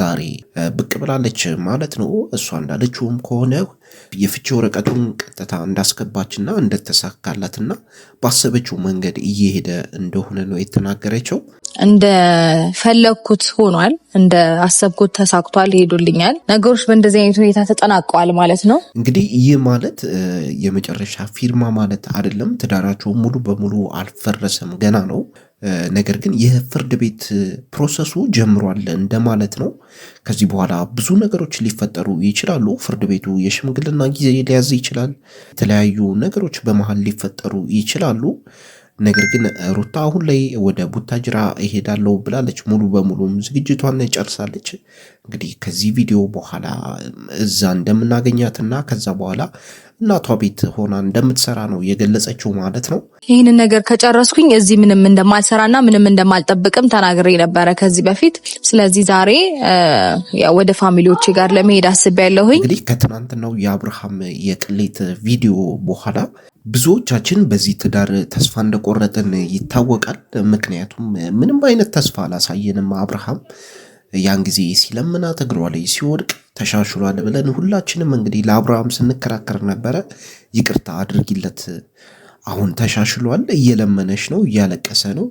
ዛሬ ብቅ ብላለች ማለት ነው። እሷ እንዳለችውም ከሆነ የፍቺ ወረቀቱን ቀጥታ እንዳስገባችና እንደተሳካላትና ባሰበችው መንገድ እየሄደ እንደሆነ ነው የተናገረችው። እንደፈለግኩት ሆኗል፣ እንደ አሰብኩት ተሳክቷል፣ ይሄዱልኛል ነገሮች በእንደዚህ አይነት ሁኔታ ተጠናቀዋል ማለት ነው። እንግዲህ ይህ ማለት የመጨረሻ ፊርማ ማለት አይደለም። ትዳራቸው ሙሉ በሙሉ አልፈረሰም፣ ገና ነው። ነገር ግን የፍርድ ቤት ፕሮሰሱ ጀምሯል እንደማለት ነው። ከዚህ በኋላ ብዙ ነገሮች ሊፈጠሩ ይችላሉ። ፍርድ ቤቱ የሽምግልና ጊዜ ሊያዝ ይችላል። የተለያዩ ነገሮች በመሀል ሊፈጠሩ ይችላሉ። ነገር ግን ሩታ አሁን ላይ ወደ ቡታጅራ እሄዳለሁ ብላለች። ሙሉ በሙሉም ዝግጅቷን ጨርሳለች። እንግዲህ ከዚህ ቪዲዮ በኋላ እዛ እንደምናገኛትና ከዛ በኋላ እናቷ ቤት ሆና እንደምትሰራ ነው የገለጸችው ማለት ነው። ይህንን ነገር ከጨረስኩኝ እዚህ ምንም እንደማልሰራና ምንም እንደማልጠብቅም ተናግሬ ነበረ ከዚህ በፊት። ስለዚህ ዛሬ ወደ ፋሚሊዎቼ ጋር ለመሄድ አስቤያለሁኝ። እንግዲህ ከትናንትናው የአብርሃም የቅሌት ቪዲዮ በኋላ ብዙዎቻችን በዚህ ትዳር ተስፋ እንደቆረጥን ይታወቃል። ምክንያቱም ምንም አይነት ተስፋ አላሳየንም አብርሃም ያን ጊዜ ሲለምናት እግሯ ላይ ሲወድቅ ተሻሽሏል ብለን ሁላችንም እንግዲህ ለአብርሃም ስንከራከር ነበረ። ይቅርታ አድርጊለት፣ አሁን ተሻሽሏል፣ እየለመነች ነው፣ እያለቀሰ ነው።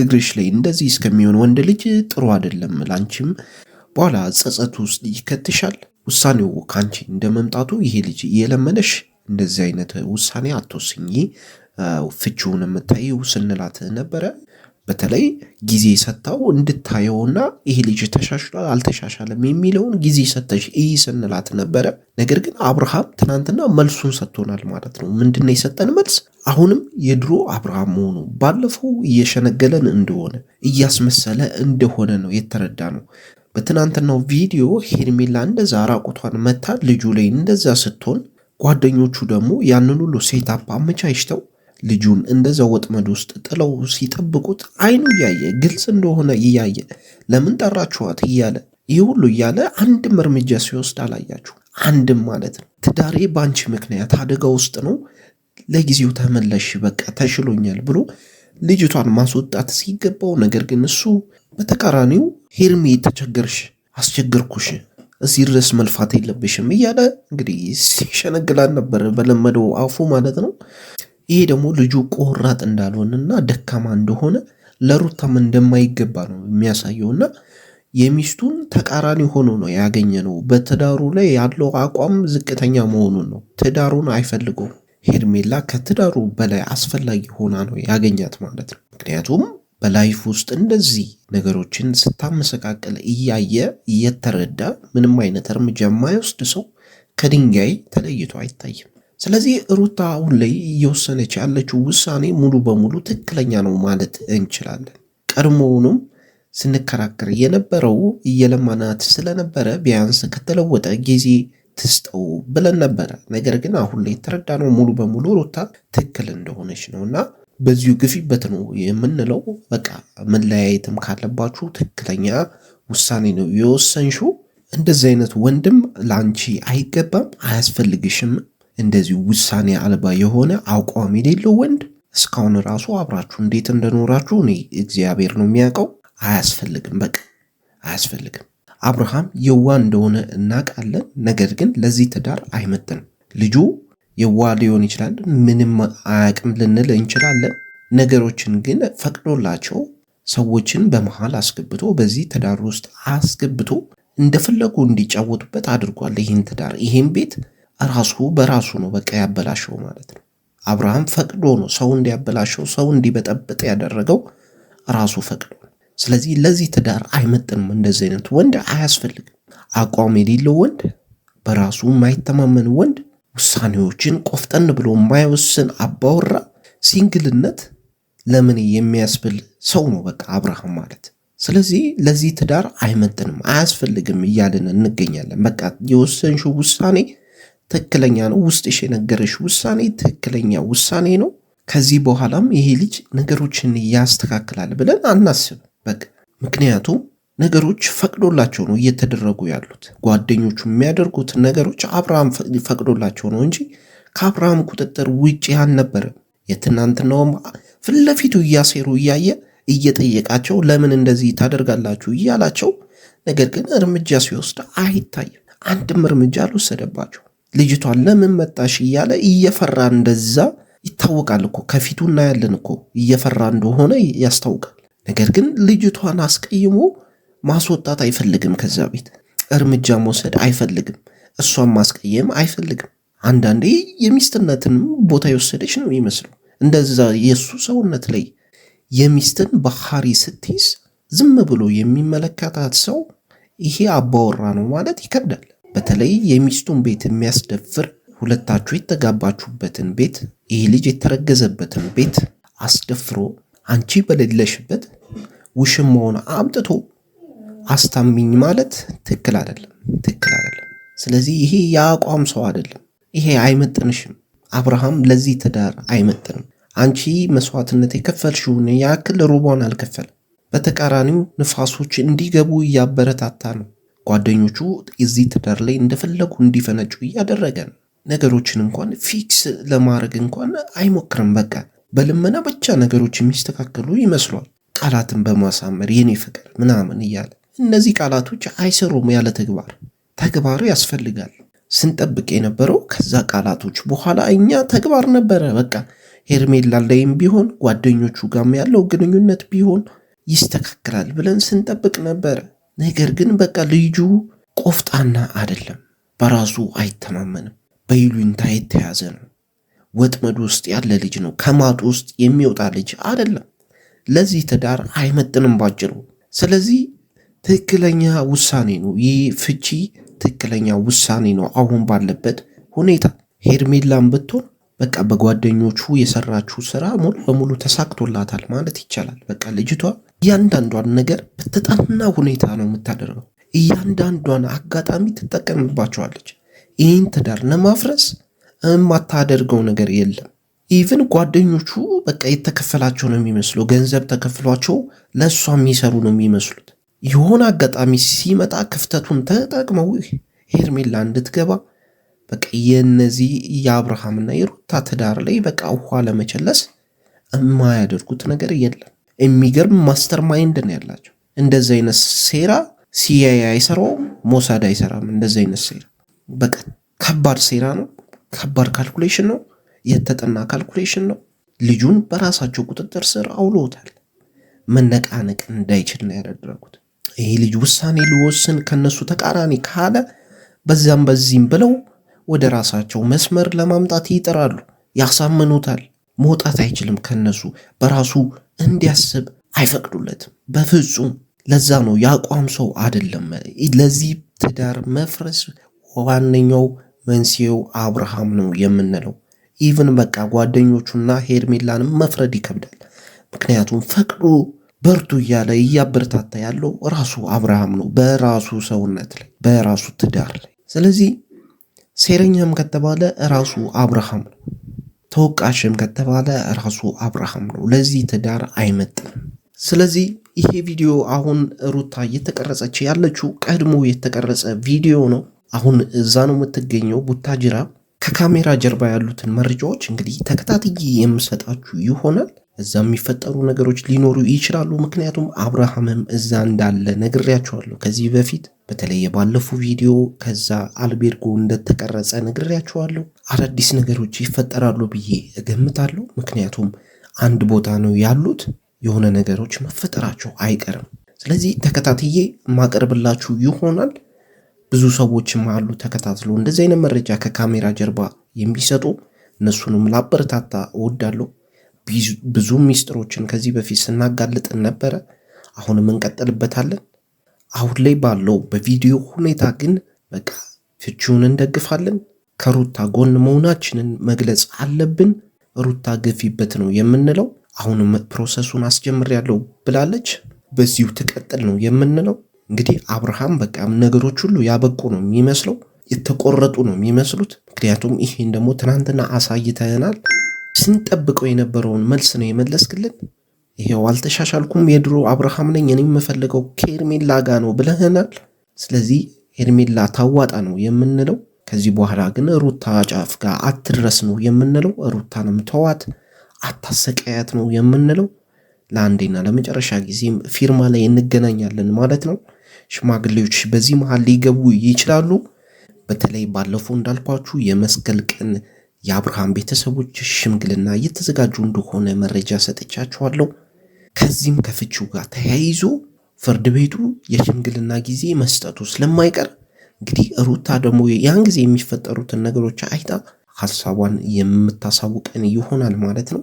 እግርሽ ላይ እንደዚህ እስከሚሆን ወንድ ልጅ ጥሩ አይደለም፣ ላንቺም በኋላ ጸጸቱ ውስጥ ይከትሻል። ውሳኔው ከአንቺ እንደ መምጣቱ ይሄ ልጅ እየለመነሽ እንደዚህ አይነት ውሳኔ አትወስኚ፣ ፍቺውን የምታይው ስንላት ነበረ። በተለይ ጊዜ ሰጥተው እንድታየውና ይሄ ልጅ ተሻሽሏል አልተሻሻለም የሚለውን ጊዜ ሰተሽ እይ ስንላት ነበረ። ነገር ግን አብርሃም ትናንትና መልሱን ሰጥቶናል ማለት ነው። ምንድን ነው የሰጠን መልስ? አሁንም የድሮ አብርሃም መሆኑ ባለፈው እየሸነገለን እንደሆነ እያስመሰለ እንደሆነ ነው የተረዳ ነው። በትናንትናው ቪዲዮ ሄርሜላ እንደዛ ራቁቷን መታ ልጁ ላይ እንደዛ ስትሆን ጓደኞቹ ደግሞ ያንን ሁሉ ሴት አፕ አመቻችተው ልጁን እንደዛ ወጥመድ ውስጥ ጥለው ሲጠብቁት አይኑ እያየ ግልጽ እንደሆነ እያየ ለምን ጠራችኋት እያለ ይህ ሁሉ እያለ አንድም እርምጃ ሲወስድ አላያችሁ። አንድም ማለት ነው ትዳሬ በአንቺ ምክንያት አደጋ ውስጥ ነው፣ ለጊዜው ተመለሽ፣ በቃ ተሽሎኛል ብሎ ልጅቷን ማስወጣት ሲገባው፣ ነገር ግን እሱ በተቃራኒው ሄርሜ ተቸገርሽ፣ አስቸገርኩሽ እዚህ ድረስ መልፋት የለብሽም እያለ እንግዲህ ሲሸነግላን ነበር፣ በለመደው አፉ ማለት ነው። ይሄ ደግሞ ልጁ ቆራጥ እና ደካማ እንደሆነ ለሩታም እንደማይገባ ነው የሚያሳየው እና የሚስቱን ተቃራኒ ሆኖ ነው ያገኘ ነው። በትዳሩ ላይ ያለው አቋም ዝቅተኛ መሆኑን ነው። ትዳሩን አይፈልገውም። ሄርሜላ ከትዳሩ በላይ አስፈላጊ ሆና ነው ያገኛት ማለት ነው። ምክንያቱም በላይፍ ውስጥ እንደዚህ ነገሮችን ስታመሰቃቅል እያየ እየተረዳ ምንም አይነት እርምጃ የማይወስድ ሰው ከድንጋይ ተለይቶ አይታይም። ስለዚህ ሩታ አሁን ላይ እየወሰነች ያለችው ውሳኔ ሙሉ በሙሉ ትክክለኛ ነው ማለት እንችላለን። ቀድሞውንም ስንከራከር የነበረው እየለማናት ስለነበረ ቢያንስ ከተለወጠ ጊዜ ትስጠው ብለን ነበረ። ነገር ግን አሁን ላይ የተረዳነው ሙሉ በሙሉ ሩታ ትክክል እንደሆነች ነው እና በዚሁ ግፊበት ነው የምንለው። በቃ መለያየትም ካለባችሁ ትክክለኛ ውሳኔ ነው የወሰንሽው። እንደዚህ አይነት ወንድም ለአንቺ አይገባም፣ አያስፈልግሽም እንደዚህ ውሳኔ አልባ የሆነ አቋም የሌለው ወንድ እስካሁን ራሱ አብራችሁ እንዴት እንደኖራችሁ እኔ እግዚአብሔር ነው የሚያውቀው። አያስፈልግም፣ በቃ አያስፈልግም። አብርሃም የዋ እንደሆነ እናውቃለን። ነገር ግን ለዚህ ትዳር አይመጥንም። ልጁ የዋ ሊሆን ይችላል፣ ምንም አያውቅም ልንል እንችላለን። ነገሮችን ግን ፈቅዶላቸው ሰዎችን በመሃል አስገብቶ በዚህ ትዳር ውስጥ አስገብቶ እንደፈለጉ እንዲጫወቱበት አድርጓል። ይህን ትዳር ይህን ቤት ራሱ በራሱ ነው በቃ ያበላሸው ማለት ነው። አብርሃም ፈቅዶ ነው ሰው እንዲያበላሸው ሰው እንዲበጠብጥ ያደረገው ራሱ ፈቅዶ ነው። ስለዚህ ለዚህ ትዳር አይመጥንም፣ እንደዚህ አይነት ወንድ አያስፈልግም። አቋም የሌለው ወንድ፣ በራሱ የማይተማመን ወንድ፣ ውሳኔዎችን ቆፍጠን ብሎ የማይወስን አባወራ፣ ሲንግልነት ለምን የሚያስብል ሰው ነው በቃ አብርሃም ማለት። ስለዚህ ለዚህ ትዳር አይመጥንም፣ አያስፈልግም እያልን እንገኛለን። በቃ የወሰንሽው ውሳኔ ትክክለኛ ነው። ውስጥሽ የነገረሽ ውሳኔ ትክክለኛ ውሳኔ ነው። ከዚህ በኋላም ይሄ ልጅ ነገሮችን ያስተካክላል ብለን አናስብ በቃ። ምክንያቱም ነገሮች ፈቅዶላቸው ነው እየተደረጉ ያሉት። ጓደኞቹ የሚያደርጉት ነገሮች አብርሃም ፈቅዶላቸው ነው እንጂ ከአብርሃም ቁጥጥር ውጭ አልነበረም። የትናንትናውም ፊትለፊቱ እያሴሩ እያየ እየጠየቃቸው ለምን እንደዚህ ታደርጋላችሁ እያላቸው፣ ነገር ግን እርምጃ ሲወስድ አይታይም። አንድም እርምጃ አልወሰደባቸው። ልጅቷን ለምን መጣሽ እያለ እየፈራ እንደዛ ይታወቃል እኮ ከፊቱ እናያለን እኮ እየፈራ እንደሆነ ያስታውቃል። ነገር ግን ልጅቷን አስቀይሞ ማስወጣት አይፈልግም። ከዛ ቤት እርምጃ መውሰድ አይፈልግም። እሷን ማስቀየም አይፈልግም። አንዳንዴ የሚስትነትንም ቦታ የወሰደች ነው የሚመስለው። እንደዛ የእሱ ሰውነት ላይ የሚስትን ባህሪ ስትይዝ ዝም ብሎ የሚመለከታት ሰው ይሄ አባወራ ነው ማለት ይከብዳል። በተለይ የሚስቱን ቤት የሚያስደፍር ሁለታችሁ የተጋባችሁበትን ቤት ይህ ልጅ የተረገዘበትን ቤት አስደፍሮ አንቺ በሌለሽበት ውሽማውን አምጥቶ አስታሚኝ ማለት ትክክል አይደለም፣ ትክክል አይደለም። ስለዚህ ይሄ የአቋም ሰው አይደለም። ይሄ አይመጥንሽም። አብርሃም ለዚህ ትዳር አይመጥንም። አንቺ መስዋዕትነት የከፈልሽውን ያክል ሩቧን አልከፈለም። በተቃራኒው ንፋሶች እንዲገቡ እያበረታታ ነው። ጓደኞቹ እዚህ ትዳር ላይ እንደፈለጉ እንዲፈነጩ እያደረገ ነው። ነገሮችን እንኳን ፊክስ ለማድረግ እንኳን አይሞክርም። በቃ በልመና ብቻ ነገሮች የሚስተካከሉ ይመስሏል። ቃላትን በማሳመር የኔ ፍቅር ምናምን እያለ እነዚህ ቃላቶች አይሰሩም ያለ ተግባር። ተግባሩ ያስፈልጋል። ስንጠብቅ የነበረው ከዛ ቃላቶች በኋላ እኛ ተግባር ነበረ። በቃ ሄርሜላ ላይም ቢሆን ጓደኞቹ ጋም ያለው ግንኙነት ቢሆን ይስተካከላል ብለን ስንጠብቅ ነበረ። ነገር ግን በቃ ልጁ ቆፍጣና አይደለም፣ በራሱ አይተማመንም፣ በይሉኝታ የተያዘ ነው። ወጥመድ ውስጥ ያለ ልጅ ነው። ከማጥ ውስጥ የሚወጣ ልጅ አይደለም። ለዚህ ትዳር አይመጥንም ባጭሩ። ስለዚህ ትክክለኛ ውሳኔ ነው ይህ ፍቺ፣ ትክክለኛ ውሳኔ ነው አሁን ባለበት ሁኔታ። ሄርሜላም ብትሆን በቃ በጓደኞቹ የሰራችው ስራ ሙሉ በሙሉ ተሳክቶላታል ማለት ይቻላል። በቃ ልጅቷ እያንዳንዷን ነገር በተጠና ሁኔታ ነው የምታደርገው። እያንዳንዷን አጋጣሚ ትጠቀምባቸዋለች። ይህን ትዳር ለማፍረስ የማታደርገው ነገር የለም። ኢቭን ጓደኞቹ በቃ የተከፈላቸው ነው የሚመስሉ ገንዘብ ተከፍሏቸው ለእሷ የሚሰሩ ነው የሚመስሉት። የሆነ አጋጣሚ ሲመጣ ክፍተቱን ተጠቅመው ሄርሜላ እንድትገባ በቃ የእነዚህ የአብርሃምና የሩታ ትዳር ላይ በቃ ውሃ ለመቸለስ የማያደርጉት ነገር የለም። የሚገርም ማስተር ማይንድ ነው ያላቸው። እንደዚህ አይነት ሴራ ሲያይ አይሰራውም፣ ሞሳድ አይሰራም። እንደዚህ አይነት ሴራ በቃ ከባድ ሴራ ነው። ከባድ ካልኩሌሽን ነው። የተጠና ካልኩሌሽን ነው። ልጁን በራሳቸው ቁጥጥር ስር አውሎታል። መነቃነቅ እንዳይችል ነው ያደረጉት። ይህ ልጅ ውሳኔ ሊወስን ከነሱ ተቃራኒ ካለ በዚያም በዚህም ብለው ወደ ራሳቸው መስመር ለማምጣት ይጥራሉ፣ ያሳምኑታል። መውጣት አይችልም ከነሱ በራሱ እንዲያስብ አይፈቅዱለትም በፍጹም ለዛ ነው የአቋም ሰው አይደለም ለዚህ ትዳር መፍረስ ዋነኛው መንስኤው አብርሃም ነው የምንለው ኢቭን በቃ ጓደኞቹና ሄርሜላንም መፍረድ ይከብዳል ምክንያቱም ፈቅዶ በርቱ እያለ እያበረታታ ያለው ራሱ አብርሃም ነው በራሱ ሰውነት ላይ በራሱ ትዳር ላይ ስለዚህ ሴረኛም ከተባለ ራሱ አብርሃም ነው ተወቃሽም ከተባለ ራሱ አብርሃም ነው። ለዚህ ትዳር አይመጥም። ስለዚህ ይሄ ቪዲዮ አሁን ሩታ እየተቀረጸች ያለችው ቀድሞ የተቀረጸ ቪዲዮ ነው። አሁን እዛ ነው የምትገኘው ቡታጅራ። ከካሜራ ጀርባ ያሉትን መረጃዎች እንግዲህ ተከታትዬ የምሰጣችሁ ይሆናል። እዛ የሚፈጠሩ ነገሮች ሊኖሩ ይችላሉ። ምክንያቱም አብርሃምም እዛ እንዳለ ነግሬያቸዋለሁ ከዚህ በፊት በተለየ ባለፉ ቪዲዮ ከዛ አልቤርጎ እንደተቀረጸ ነግሬያቸዋለሁ። አዳዲስ ነገሮች ይፈጠራሉ ብዬ እገምታለሁ። ምክንያቱም አንድ ቦታ ነው ያሉት፣ የሆነ ነገሮች መፈጠራቸው አይቀርም። ስለዚህ ተከታትዬ ማቀርብላችሁ ይሆናል። ብዙ ሰዎችም አሉ ተከታትሎ እንደዚህ አይነት መረጃ ከካሜራ ጀርባ የሚሰጡ እነሱንም ላበረታታ እወዳለሁ። ብዙ ሚስጥሮችን ከዚህ በፊት ስናጋልጥን ነበረ። አሁንም እንቀጥልበታለን። አሁን ላይ ባለው በቪዲዮ ሁኔታ ግን በቃ ፍቺውን እንደግፋለን። ከሩታ ጎን መሆናችንን መግለጽ አለብን። ሩታ ገፊበት ነው የምንለው። አሁንም ፕሮሰሱን አስጀምሬያለሁ ብላለች። በዚሁ ትቀጥል ነው የምንለው። እንግዲህ አብርሃም በቃ ነገሮች ሁሉ ያበቁ ነው የሚመስለው የተቆረጡ ነው የሚመስሉት። ምክንያቱም ይሄን ደግሞ ትናንትና አሳይተናል። ስንጠብቀው የነበረውን መልስ ነው የመለስክልን። ይሄው አልተሻሻልኩም፣ የድሮ አብርሃም ነኝ፣ እኔ የምፈልገው ከኤርሜላ ጋ ነው ብለህናል። ስለዚህ ኤርሜላ ታዋጣ ነው የምንለው። ከዚህ በኋላ ግን ሩታ ጫፍ ጋር አትድረስ ነው የምንለው። ሩታንም ተዋት አታሰቃያት ነው የምንለው። ለአንዴና ለመጨረሻ ጊዜም ፊርማ ላይ እንገናኛለን ማለት ነው። ሽማግሌዎች በዚህ መሀል ሊገቡ ይችላሉ። በተለይ ባለፈው እንዳልኳችሁ የመስቀል ቀን የአብርሃም ቤተሰቦች ሽምግልና እየተዘጋጁ እንደሆነ መረጃ ሰጥቻችኋለሁ። ከዚህም ከፍቺው ጋር ተያይዞ ፍርድ ቤቱ የሽምግልና ጊዜ መስጠቱ ስለማይቀር እንግዲህ ሩታ ደግሞ ያን ጊዜ የሚፈጠሩትን ነገሮች አይታ ሀሳቧን የምታሳውቀን ይሆናል ማለት ነው።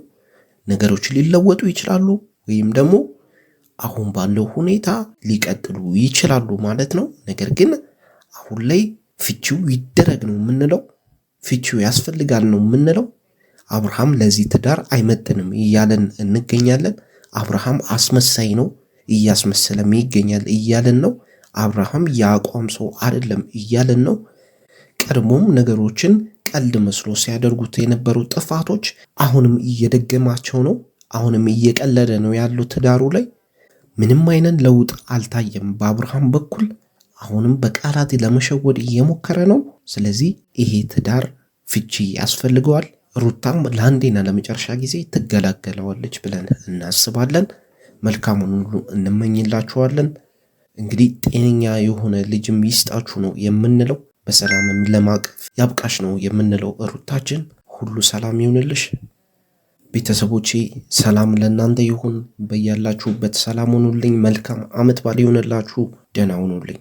ነገሮች ሊለወጡ ይችላሉ ወይም ደግሞ አሁን ባለው ሁኔታ ሊቀጥሉ ይችላሉ ማለት ነው። ነገር ግን አሁን ላይ ፍቺው ይደረግ ነው የምንለው። ፍቺው ያስፈልጋል ነው የምንለው። አብርሃም ለዚህ ትዳር አይመጥንም እያለን እንገኛለን። አብርሃም አስመሳይ ነው እያስመሰለም ይገኛል እያለን ነው። አብርሃም የአቋም ሰው አይደለም እያለን ነው። ቀድሞም ነገሮችን ቀልድ መስሎ ሲያደርጉት የነበሩ ጥፋቶች አሁንም እየደገማቸው ነው። አሁንም እየቀለደ ነው ያሉ ትዳሩ ላይ ምንም አይነት ለውጥ አልታየም በአብርሃም በኩል። አሁንም በቃላት ለመሸወድ እየሞከረ ነው። ስለዚህ ይሄ ትዳር ፍቺ ያስፈልገዋል። ሩታም ለአንዴና ለመጨረሻ ጊዜ ትገላገለዋለች ብለን እናስባለን። መልካሙን ሁሉ እንመኝላችኋለን። እንግዲህ ጤነኛ የሆነ ልጅም ይስጣችሁ ነው የምንለው። በሰላምም ለማቀፍ ያብቃሽ ነው የምንለው። ሩታችን ሁሉ ሰላም ይሁንልሽ። ቤተሰቦቼ ሰላም ለእናንተ ይሁን። በያላችሁበት ሰላም ሁኑልኝ። መልካም ዓመት ባል ይሁንላችሁ። ደህና ሁኑልኝ።